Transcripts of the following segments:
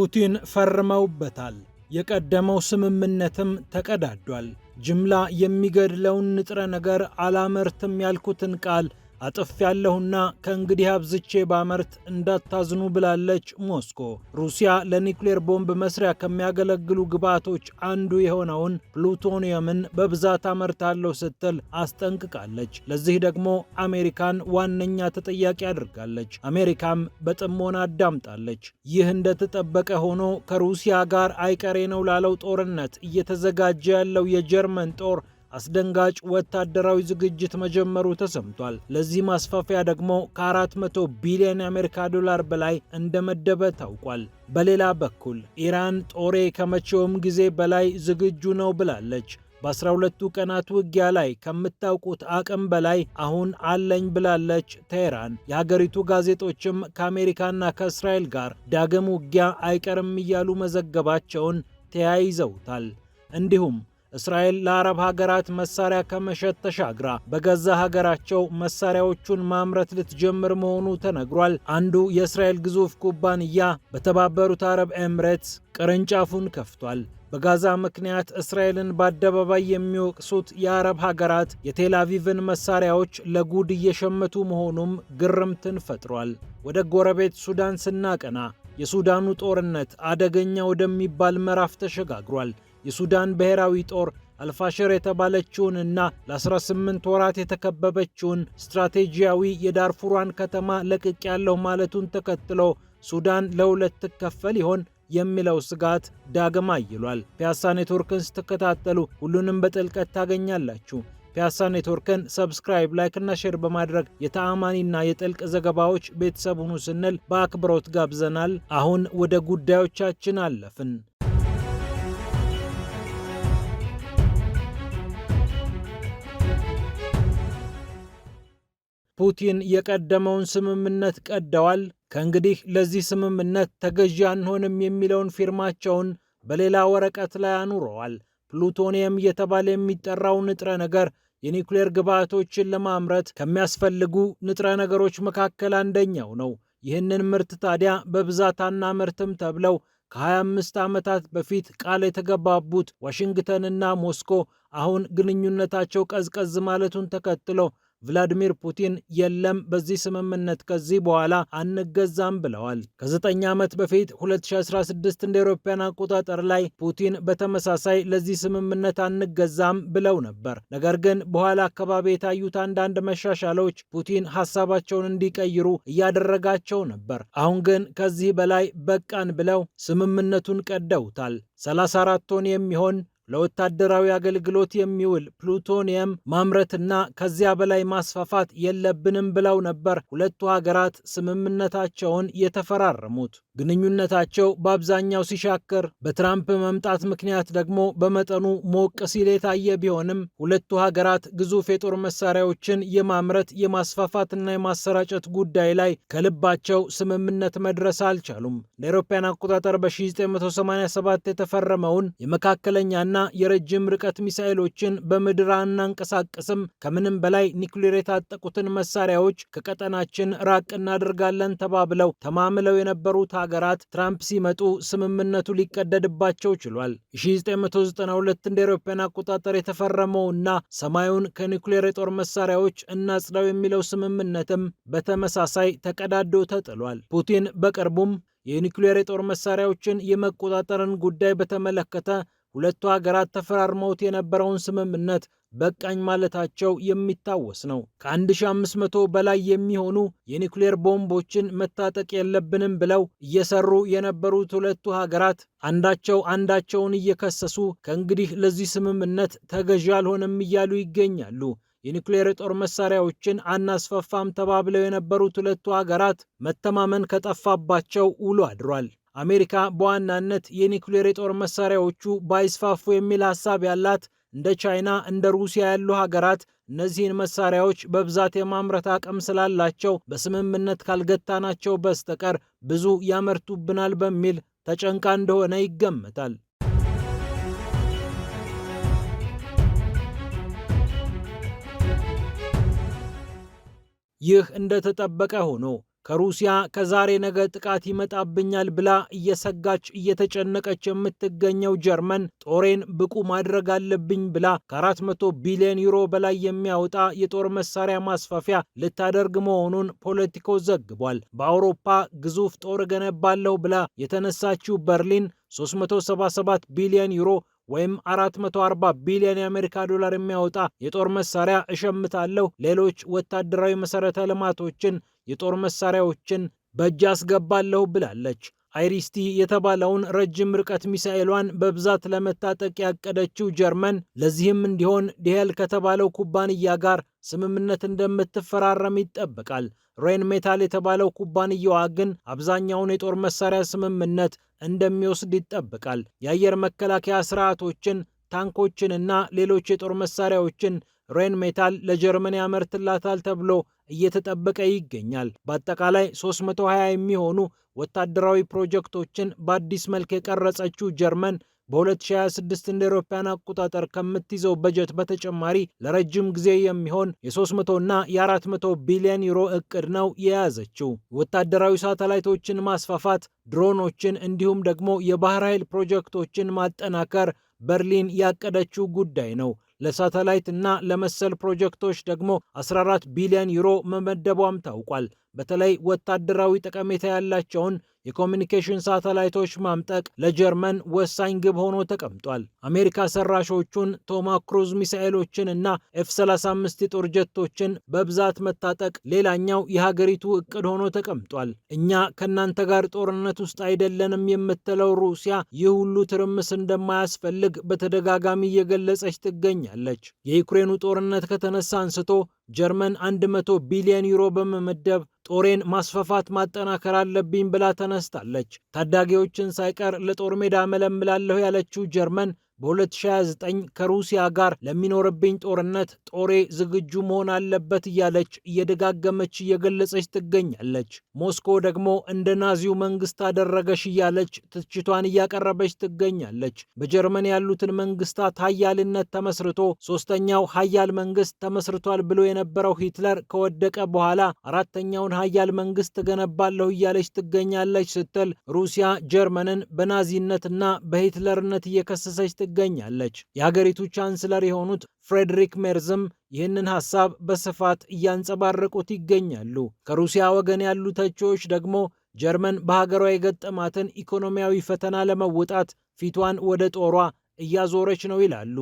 ፑቲን ፈርመውበታል። የቀደመው ስምምነትም ተቀዳዷል። ጅምላ የሚገድለውን ንጥረ ነገር አላመርትም ያልኩትን ቃል አጥፍ ያለሁና ከእንግዲህ አብዝቼ ባመርት እንዳታዝኑ ብላለች ሞስኮ። ሩሲያ ለኒውክሌር ቦምብ መስሪያ ከሚያገለግሉ ግብዓቶች አንዱ የሆነውን ፕሉቶኒየምን በብዛት አመርታለሁ ስትል አስጠንቅቃለች። ለዚህ ደግሞ አሜሪካን ዋነኛ ተጠያቂ አድርጋለች። አሜሪካም በጥሞና አዳምጣለች። ይህ እንደተጠበቀ ሆኖ ከሩሲያ ጋር አይቀሬ ነው ላለው ጦርነት እየተዘጋጀ ያለው የጀርመን ጦር አስደንጋጭ ወታደራዊ ዝግጅት መጀመሩ ተሰምቷል። ለዚህ ማስፋፊያ ደግሞ ከ400 ቢሊዮን የአሜሪካ ዶላር በላይ እንደመደበ ታውቋል። በሌላ በኩል ኢራን ጦሬ ከመቼውም ጊዜ በላይ ዝግጁ ነው ብላለች። በ12ቱ ቀናት ውጊያ ላይ ከምታውቁት አቅም በላይ አሁን አለኝ ብላለች ቴህራን። የሀገሪቱ ጋዜጦችም ከአሜሪካና ከእስራኤል ጋር ዳግም ውጊያ አይቀርም እያሉ መዘገባቸውን ተያይዘውታል። እንዲሁም እስራኤል ለአረብ ሀገራት መሳሪያ ከመሸጥ ተሻግራ በገዛ ሀገራቸው መሳሪያዎቹን ማምረት ልትጀምር መሆኑ ተነግሯል። አንዱ የእስራኤል ግዙፍ ኩባንያ በተባበሩት አረብ ኤምሬትስ ቅርንጫፉን ከፍቷል። በጋዛ ምክንያት እስራኤልን በአደባባይ የሚወቅሱት የአረብ ሀገራት የቴላቪቭን መሳሪያዎች ለጉድ እየሸመቱ መሆኑም ግርምትን ፈጥሯል። ወደ ጎረቤት ሱዳን ስናቀና የሱዳኑ ጦርነት አደገኛ ወደሚባል ምዕራፍ ተሸጋግሯል። የሱዳን ብሔራዊ ጦር አልፋሽር የተባለችውን እና ለ18 ወራት የተከበበችውን ስትራቴጂያዊ የዳርፉሯን ከተማ ለቅቅ ያለው ማለቱን ተከትሎ ሱዳን ለሁለት ትከፈል ይሆን የሚለው ስጋት ዳግም አይሏል። ፒያሳ ኔትወርክን ስትከታተሉ ሁሉንም በጥልቀት ታገኛላችሁ። ፒያሳ ኔትወርክን ሰብስክራይብ፣ ላይክና ሼር በማድረግ የተአማኒና የጥልቅ ዘገባዎች ቤተሰብ ሁኑ ስንል በአክብሮት ጋብዘናል። አሁን ወደ ጉዳዮቻችን አለፍን። ፑቲን የቀደመውን ስምምነት ቀደዋል፣ ከእንግዲህ ለዚህ ስምምነት ተገዢ አንሆንም የሚለውን ፊርማቸውን በሌላ ወረቀት ላይ አኑረዋል። ፕሉቶኒየም እየተባለ የሚጠራው ንጥረ ነገር የኒውክሌር ግብዓቶችን ለማምረት ከሚያስፈልጉ ንጥረ ነገሮች መካከል አንደኛው ነው። ይህንን ምርት ታዲያ በብዛት አናመርትም ተብለው ከ25 ዓመታት በፊት ቃል የተገባቡት ዋሽንግተንና ሞስኮ አሁን ግንኙነታቸው ቀዝቀዝ ማለቱን ተከትሎ ቭላዲሚር ፑቲን የለም በዚህ ስምምነት ከዚህ በኋላ አንገዛም ብለዋል። ከዘጠኝ ዓመት በፊት 2016 እንደ አውሮፓውያን አቆጣጠር ላይ ፑቲን በተመሳሳይ ለዚህ ስምምነት አንገዛም ብለው ነበር። ነገር ግን በኋላ አካባቢ የታዩት አንዳንድ መሻሻሎች ፑቲን ሀሳባቸውን እንዲቀይሩ እያደረጋቸው ነበር። አሁን ግን ከዚህ በላይ በቃን ብለው ስምምነቱን ቀደውታል። 34 ቶን የሚሆን ለወታደራዊ አገልግሎት የሚውል ፕሉቶኒየም ማምረትና ከዚያ በላይ ማስፋፋት የለብንም ብለው ነበር ሁለቱ ሀገራት ስምምነታቸውን የተፈራረሙት። ግንኙነታቸው በአብዛኛው ሲሻክር፣ በትራምፕ መምጣት ምክንያት ደግሞ በመጠኑ ሞቅ ሲል የታየ ቢሆንም ሁለቱ ሀገራት ግዙፍ የጦር መሳሪያዎችን የማምረት የማስፋፋትና የማሰራጨት ጉዳይ ላይ ከልባቸው ስምምነት መድረስ አልቻሉም። ለአውሮፓውያን አቆጣጠር በ1987 የተፈረመውን የመካከለኛና የረጅም ርቀት ሚሳኤሎችን በምድር አናንቀሳቅስም፣ ከምንም በላይ ኒውክሌር የታጠቁትን መሳሪያዎች ከቀጠናችን ራቅ እናደርጋለን ተባብለው ተማምለው የነበሩት ሀገራት ትራምፕ ሲመጡ ስምምነቱ ሊቀደድባቸው ችሏል። 1992 እንደ አውሮፓውያን አቆጣጠር የተፈረመውና ሰማዩን ከኒውክሌር የጦር መሳሪያዎች እናጽዳው የሚለው ስምምነትም በተመሳሳይ ተቀዳዶ ተጥሏል። ፑቲን በቅርቡም የኒውክሌር የጦር መሳሪያዎችን የመቆጣጠርን ጉዳይ በተመለከተ ሁለቱ ሀገራት ተፈራርመውት የነበረውን ስምምነት በቃኝ ማለታቸው የሚታወስ ነው። ከ1500 በላይ የሚሆኑ የኒውክሌር ቦምቦችን መታጠቅ የለብንም ብለው እየሰሩ የነበሩት ሁለቱ ሀገራት አንዳቸው አንዳቸውን እየከሰሱ ከእንግዲህ ለዚህ ስምምነት ተገዢ አልሆነም እያሉ ይገኛሉ። የኒውክሌር ጦር መሳሪያዎችን አናስፈፋም ተባብለው የነበሩት ሁለቱ ሀገራት መተማመን ከጠፋባቸው ውሎ አድሯል። አሜሪካ በዋናነት የኒውክሌር የጦር መሳሪያዎቹ ባይስፋፉ የሚል ሀሳብ ያላት እንደ ቻይና፣ እንደ ሩሲያ ያሉ ሀገራት እነዚህን መሳሪያዎች በብዛት የማምረት አቅም ስላላቸው በስምምነት ካልገታናቸው በስተቀር ብዙ ያመርቱብናል በሚል ተጨንቃ እንደሆነ ይገመታል። ይህ እንደተጠበቀ ሆኖ ከሩሲያ ከዛሬ ነገ ጥቃት ይመጣብኛል ብላ እየሰጋች እየተጨነቀች የምትገኘው ጀርመን ጦሬን ብቁ ማድረግ አለብኝ ብላ ከ400 ቢሊዮን ዩሮ በላይ የሚያወጣ የጦር መሳሪያ ማስፋፊያ ልታደርግ መሆኑን ፖለቲኮ ዘግቧል። በአውሮፓ ግዙፍ ጦር እገነባለሁ ብላ የተነሳችው በርሊን 377 ቢሊዮን ዩሮ ወይም 440 ቢሊዮን የአሜሪካ ዶላር የሚያወጣ የጦር መሳሪያ እሸምታለሁ፣ ሌሎች ወታደራዊ መሠረተ ልማቶችን የጦር መሳሪያዎችን በእጅ አስገባለሁ ብላለች። አይሪስቲ የተባለውን ረጅም ርቀት ሚሳኤሏን በብዛት ለመታጠቅ ያቀደችው ጀርመን ለዚህም እንዲሆን ዲሄል ከተባለው ኩባንያ ጋር ስምምነት እንደምትፈራረም ይጠበቃል። ሬን ሜታል የተባለው ኩባንያዋ ግን አብዛኛውን የጦር መሳሪያ ስምምነት እንደሚወስድ ይጠበቃል። የአየር መከላከያ ስርዓቶችን ታንኮችንና ሌሎች የጦር መሳሪያዎችን ሬን ሜታል ለጀርመን ያመርትላታል ተብሎ እየተጠበቀ ይገኛል። በአጠቃላይ 320 የሚሆኑ ወታደራዊ ፕሮጀክቶችን በአዲስ መልክ የቀረጸችው ጀርመን በ2026 እንደ አውሮፓውያን አቆጣጠር ከምትይዘው በጀት በተጨማሪ ለረጅም ጊዜ የሚሆን የ300 እና የ400 ቢሊዮን ዩሮ እቅድ ነው የያዘችው። ወታደራዊ ሳተላይቶችን ማስፋፋት፣ ድሮኖችን እንዲሁም ደግሞ የባህር ኃይል ፕሮጀክቶችን ማጠናከር በርሊን ያቀደችው ጉዳይ ነው። ለሳተላይት እና ለመሰል ፕሮጀክቶች ደግሞ 14 ቢሊዮን ዩሮ መመደቧም ታውቋል። በተለይ ወታደራዊ ጠቀሜታ ያላቸውን የኮሚኒኬሽን ሳተላይቶች ማምጠቅ ለጀርመን ወሳኝ ግብ ሆኖ ተቀምጧል። አሜሪካ ሰራሾቹን ቶማ ክሩዝ ሚሳኤሎችን እና ኤፍ 35 ጦር ጀቶችን በብዛት መታጠቅ ሌላኛው የሀገሪቱ እቅድ ሆኖ ተቀምጧል። እኛ ከእናንተ ጋር ጦርነት ውስጥ አይደለንም የምትለው ሩሲያ ይህ ሁሉ ትርምስ እንደማያስፈልግ በተደጋጋሚ እየገለጸች ትገኛለች። የዩክሬኑ ጦርነት ከተነሳ አንስቶ ጀርመን 100 ቢሊዮን ዩሮ በመመደብ ጦሬን ማስፋፋት ማጠናከር አለብኝ ብላ ተነስታለች። ታዳጊዎችን ሳይቀር ለጦር ሜዳ መለምላለሁ ያለችው ጀርመን በ2029 ከሩሲያ ጋር ለሚኖርብኝ ጦርነት ጦሬ ዝግጁ መሆን አለበት እያለች እየደጋገመች እየገለጸች ትገኛለች። ሞስኮ ደግሞ እንደ ናዚው መንግስት አደረገሽ እያለች ትችቷን እያቀረበች ትገኛለች። በጀርመን ያሉትን መንግስታት ሀያልነት ተመስርቶ ሶስተኛው ሀያል መንግስት ተመስርቷል ብሎ የነበረው ሂትለር ከወደቀ በኋላ አራተኛውን ሀያል መንግስት ትገነባለሁ እያለች ትገኛለች ስትል ሩሲያ ጀርመንን በናዚነትና በሂትለርነት እየከሰሰች ትገኛለች። የሀገሪቱ ቻንስለር የሆኑት ፍሬድሪክ ሜርዝም ይህንን ሀሳብ በስፋት እያንጸባረቁት ይገኛሉ። ከሩሲያ ወገን ያሉ ተቺዎች ደግሞ ጀርመን በሀገሯ የገጠማትን ኢኮኖሚያዊ ፈተና ለመውጣት ፊቷን ወደ ጦሯ እያዞረች ነው ይላሉ።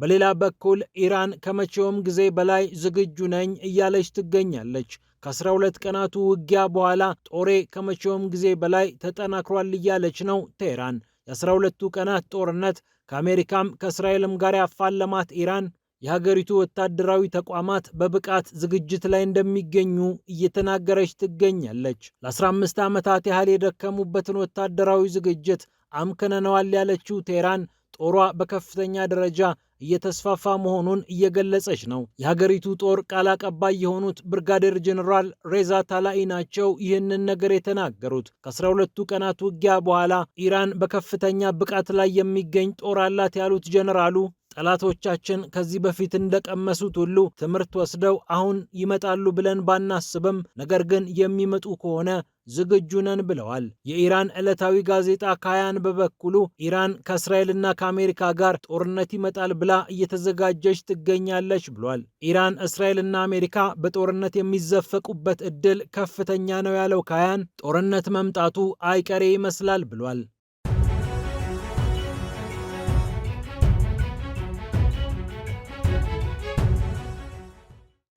በሌላ በኩል ኢራን ከመቼውም ጊዜ በላይ ዝግጁ ነኝ እያለች ትገኛለች። ከ12 ቀናቱ ውጊያ በኋላ ጦሬ ከመቼውም ጊዜ በላይ ተጠናክሯል እያለች ነው ቴህራን። 12 ቀናት ጦርነት ከአሜሪካም ከእስራኤልም ጋር ያፋለማት ኢራን የሀገሪቱ ወታደራዊ ተቋማት በብቃት ዝግጅት ላይ እንደሚገኙ እየተናገረች ትገኛለች። ለ15 ዓመታት ያህል የደከሙበትን ወታደራዊ ዝግጅት አምክነነዋል ያለችው ቴህራን ጦሯ በከፍተኛ ደረጃ እየተስፋፋ መሆኑን እየገለጸች ነው። የሀገሪቱ ጦር ቃል አቀባይ የሆኑት ብርጋዴር ጀኔራል ሬዛ ታላኢ ናቸው ይህንን ነገር የተናገሩት። ከአስራ ሁለቱ ቀናት ውጊያ በኋላ ኢራን በከፍተኛ ብቃት ላይ የሚገኝ ጦር አላት ያሉት ጀኔራሉ ጠላቶቻችን ከዚህ በፊት እንደቀመሱት ሁሉ ትምህርት ወስደው አሁን ይመጣሉ ብለን ባናስብም ነገር ግን የሚመጡ ከሆነ ዝግጁ ነን ብለዋል። የኢራን ዕለታዊ ጋዜጣ ካያን በበኩሉ ኢራን ከእስራኤልና ከአሜሪካ ጋር ጦርነት ይመጣል ብላ እየተዘጋጀች ትገኛለች ብሏል። ኢራን፣ እስራኤልና አሜሪካ በጦርነት የሚዘፈቁበት ዕድል ከፍተኛ ነው ያለው ካያን ጦርነት መምጣቱ አይቀሬ ይመስላል ብሏል።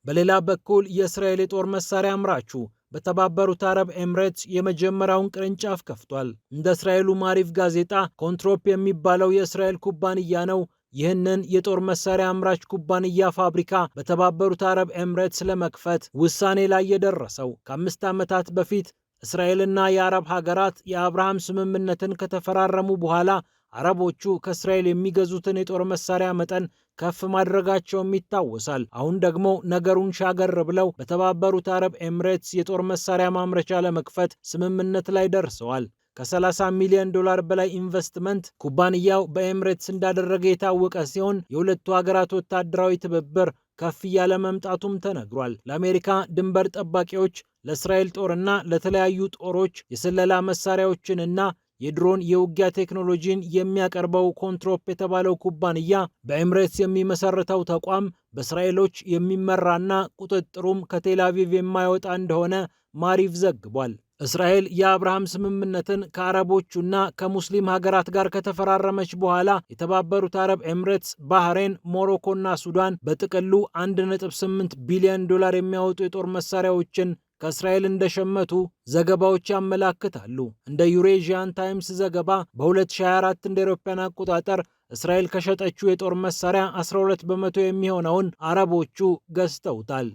በሌላ በኩል የእስራኤል የጦር መሳሪያ አምራቹ በተባበሩት አረብ ኤምሬትስ የመጀመሪያውን ቅርንጫፍ ከፍቷል። እንደ እስራኤሉ ማሪፍ ጋዜጣ ኮንትሮፕ የሚባለው የእስራኤል ኩባንያ ነው ይህንን የጦር መሳሪያ አምራች ኩባንያ ፋብሪካ በተባበሩት አረብ ኤምሬትስ ለመክፈት ውሳኔ ላይ የደረሰው ከአምስት ዓመታት በፊት እስራኤልና የአረብ ሀገራት የአብርሃም ስምምነትን ከተፈራረሙ በኋላ አረቦቹ ከእስራኤል የሚገዙትን የጦር መሳሪያ መጠን ከፍ ማድረጋቸውም ይታወሳል። አሁን ደግሞ ነገሩን ሻገር ብለው በተባበሩት አረብ ኤምሬትስ የጦር መሳሪያ ማምረቻ ለመክፈት ስምምነት ላይ ደርሰዋል። ከ30 ሚሊዮን ዶላር በላይ ኢንቨስትመንት ኩባንያው በኤምሬትስ እንዳደረገ የታወቀ ሲሆን የሁለቱ ሀገራት ወታደራዊ ትብብር ከፍ እያለ መምጣቱም ተነግሯል። ለአሜሪካ ድንበር ጠባቂዎች፣ ለእስራኤል ጦርና ለተለያዩ ጦሮች የስለላ መሳሪያዎችንና የድሮን የውጊያ ቴክኖሎጂን የሚያቀርበው ኮንትሮፕ የተባለው ኩባንያ በኤምሬትስ የሚመሰርተው ተቋም በእስራኤሎች የሚመራና ቁጥጥሩም ከቴላቪቭ የማይወጣ እንደሆነ ማሪፍ ዘግቧል። እስራኤል የአብርሃም ስምምነትን ከአረቦቹና ከሙስሊም ሀገራት ጋር ከተፈራረመች በኋላ የተባበሩት አረብ ኤምሬትስ፣ ባህሬን፣ ሞሮኮና ሱዳን በጥቅሉ 1.8 ቢሊዮን ዶላር የሚያወጡ የጦር መሳሪያዎችን ከእስራኤል እንደሸመቱ ዘገባዎች ያመላክታሉ። እንደ ዩሬዥያን ታይምስ ዘገባ በ2024 እንደ አውሮፓውያን አቆጣጠር እስራኤል ከሸጠችው የጦር መሳሪያ 12 በመቶ የሚሆነውን አረቦቹ ገዝተውታል።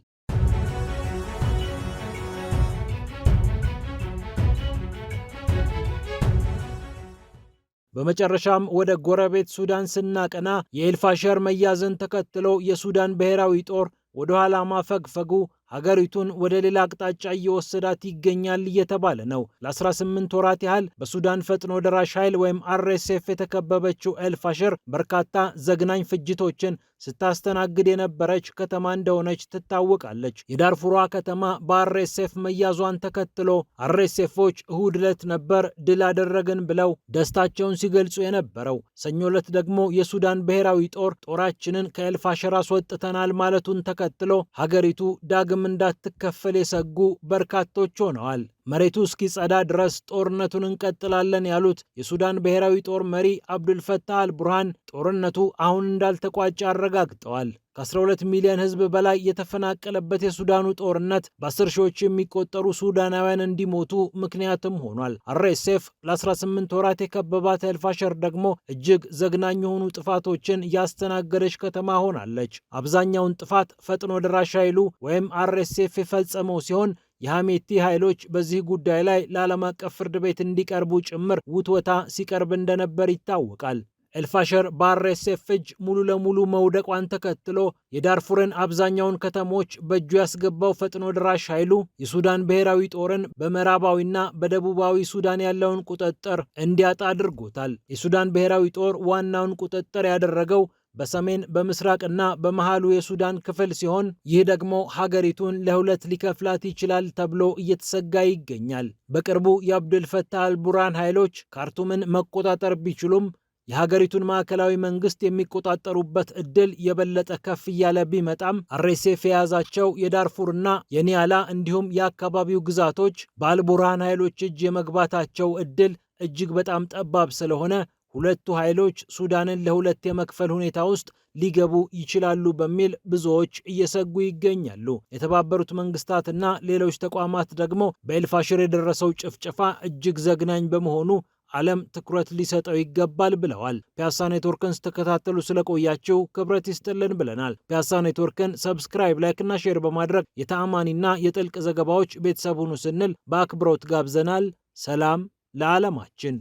በመጨረሻም ወደ ጎረቤት ሱዳን ስናቀና የኤልፋሸር መያዝን ተከትሎ የሱዳን ብሔራዊ ጦር ወደ ኋላ ማፈግፈጉ ሀገሪቱን ወደ ሌላ አቅጣጫ እየወሰዳት ይገኛል እየተባለ ነው። ለ18 ወራት ያህል በሱዳን ፈጥኖ ደራሽ ኃይል ወይም አርኤስኤፍ የተከበበችው ኤልፋሽር በርካታ ዘግናኝ ፍጅቶችን ስታስተናግድ የነበረች ከተማ እንደሆነች ትታወቃለች። የዳርፉሯ ከተማ በአሬሴፍ መያዟን ተከትሎ አሬሴፎች እሁድ ዕለት ነበር ድል አደረግን ብለው ደስታቸውን ሲገልጹ የነበረው። ሰኞ ዕለት ደግሞ የሱዳን ብሔራዊ ጦር ጦራችንን ከኤልፋሸር አስወጥተናል ማለቱን ተከትሎ ሀገሪቱ ዳግም እንዳትከፈል የሰጉ በርካቶች ሆነዋል። መሬቱ እስኪጸዳ ድረስ ጦርነቱን እንቀጥላለን ያሉት የሱዳን ብሔራዊ ጦር መሪ አብዱልፈታህ አልቡርሃን ጦርነቱ አሁን እንዳልተቋጨ አረጋግጠዋል። ከ12 ሚሊዮን ሕዝብ በላይ የተፈናቀለበት የሱዳኑ ጦርነት በ10 ሺዎች የሚቆጠሩ ሱዳናውያን እንዲሞቱ ምክንያትም ሆኗል። አሬሴፍ ለ18 ወራት የከበባት ኤልፋሸር ደግሞ እጅግ ዘግናኝ የሆኑ ጥፋቶችን ያስተናገደች ከተማ ሆናለች። አብዛኛውን ጥፋት ፈጥኖ ደራሽ ኃይሉ ወይም አሬሴፍ የፈጸመው ሲሆን የሐሜቲ ኃይሎች በዚህ ጉዳይ ላይ ለዓለም አቀፍ ፍርድ ቤት እንዲቀርቡ ጭምር ውትወታ ሲቀርብ እንደነበር ይታወቃል። ኤልፋሸር በአርኤስኤፍ እጅ ሙሉ ለሙሉ መውደቋን ተከትሎ የዳርፉርን አብዛኛውን ከተሞች በእጁ ያስገባው ፈጥኖ ድራሽ ኃይሉ የሱዳን ብሔራዊ ጦርን በምዕራባዊና በደቡባዊ ሱዳን ያለውን ቁጥጥር እንዲያጣ አድርጎታል። የሱዳን ብሔራዊ ጦር ዋናውን ቁጥጥር ያደረገው በሰሜን በምስራቅና በመሃሉ የሱዳን ክፍል ሲሆን ይህ ደግሞ ሀገሪቱን ለሁለት ሊከፍላት ይችላል ተብሎ እየተሰጋ ይገኛል። በቅርቡ የአብዱልፈታህ አልቡራን ኃይሎች ካርቱምን መቆጣጠር ቢችሉም የሀገሪቱን ማዕከላዊ መንግስት የሚቆጣጠሩበት እድል የበለጠ ከፍ እያለ ቢመጣም አሬሴፍ የያዛቸው የዳርፉርና የኒያላ እንዲሁም የአካባቢው ግዛቶች በአልቡርሃን ኃይሎች እጅ የመግባታቸው እድል እጅግ በጣም ጠባብ ስለሆነ ሁለቱ ኃይሎች ሱዳንን ለሁለት የመክፈል ሁኔታ ውስጥ ሊገቡ ይችላሉ በሚል ብዙዎች እየሰጉ ይገኛሉ። የተባበሩት መንግስታትና ሌሎች ተቋማት ደግሞ በኤልፋሽር የደረሰው ጭፍጨፋ እጅግ ዘግናኝ በመሆኑ ዓለም ትኩረት ሊሰጠው ይገባል ብለዋል። ፒያሳ ኔትወርክን ስትከታተሉ ስለቆያችሁ ክብረት ይስጥልን ብለናል። ፒያሳ ኔትወርክን ሰብስክራይብ፣ ላይክና ሼር በማድረግ የተአማኒና የጥልቅ ዘገባዎች ቤተሰብ ሁኑ ስንል በአክብሮት ጋብዘናል። ሰላም ለዓለማችን።